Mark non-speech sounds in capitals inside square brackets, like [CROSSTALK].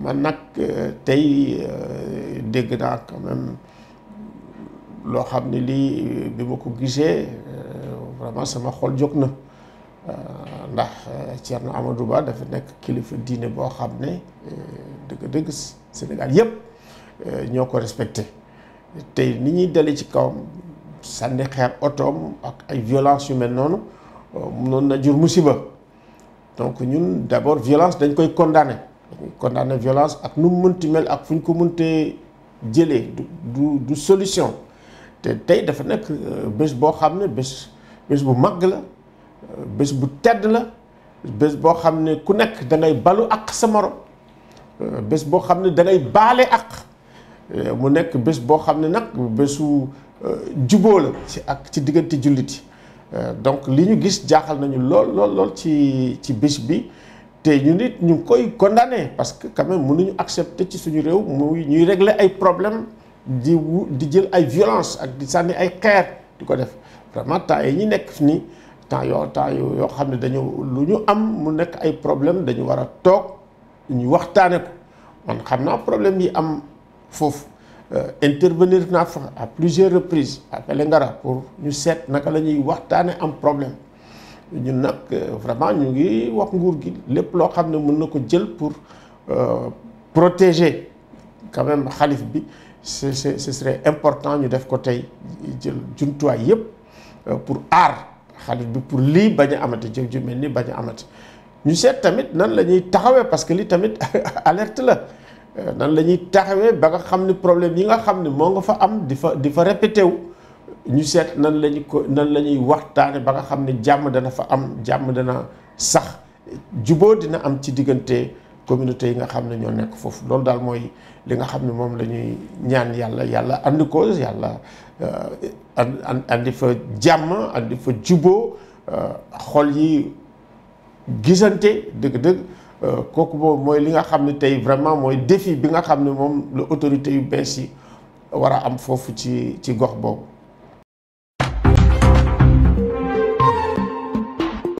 man nag euh, tey euh, dégg naa quand loo xam ne lii euh, bi ma ko gisee vraiment sama xol jóg na ndax Thierno Amadou Ba dafa nekk kilifa diine boo xam ne dëgg-dëgg Sénégal yëpp ñoo ko respecté tey ni ñuy dale ci kawam sànni xeer otoom ak ay violence yu mel noonu mënoon na jur musiba donc ñun d'abord violence dañ koy condamné condamner violence ak nu mu mënti mel ak fu ñu ko mëntee jëlee du du du solution te tey dafa nekk euh, bés boo xam ne bés bés bu màgg la euh, bés bu tedd la bés boo xam ne ku nekk da ngay balu ak sa morom euh, bés boo xam ne dangay ngay baale ak mu nekk bés boo xam ne nag bésu juboo la ci ak ci diggante jullit yi donc li ñu gis jaaxal nañu lool lool lool ci ci bés bi te ñu nit ñu ngi koy condamné parce que quand même mënuñu accepter ci suñu réew muy ñuy régler ay problème di wu di jël ay violence ak di sànni ay xeer di ko def vraiment temps yi ñu nekk ni temps yoo temps yoo xam ne dañu lu ñu am mu nekk ay problème dañu war a toog ñu waxtaane ko man xam naa problème yi am foofu euh, intervenir naa fa à plusieurs reprises à Vélingara pour ñu seet naka la ñuy waxtaane am problème ñun nag euh, vraiment ñu ngi wax nguur gi lépp loo xam ne mun na ko jël pour euh, protéger quand même xalif bi ce ce serait important ñu def ko tey jël jumtuwaay yépp euh, pour aar xalif bi pour lii bañ amati jëf ju mel ni bañ amati ñu seet tamit nan la ñuy taxawee parce que lii tamit [LAUGHS] alerte la nan la ñuy taxawee ba nga xam ne problème yi nga xam ne moo nga fa am di fa di fa répété ñu seet nan lañu ko nan la ñuy waxtaane ba nga xam ne jàmm dana fa am jàmm dana sax juboo dina am ci diggante communauté yi nga xam ne ñoo nekk foofu loolu daal mooy li nga xam ne moom la ñuy ñaan yàlla yàlla andi ko yàlla euh, andi fa jàmm andi fa juboo euh, xol yi gisante dëgg-dëgg euh, kooku moom mooy li nga xam ne tey vraiment mooy défi bi nga xam ne moom la autorité yu bees yi war a am foofu ci ci gox boobu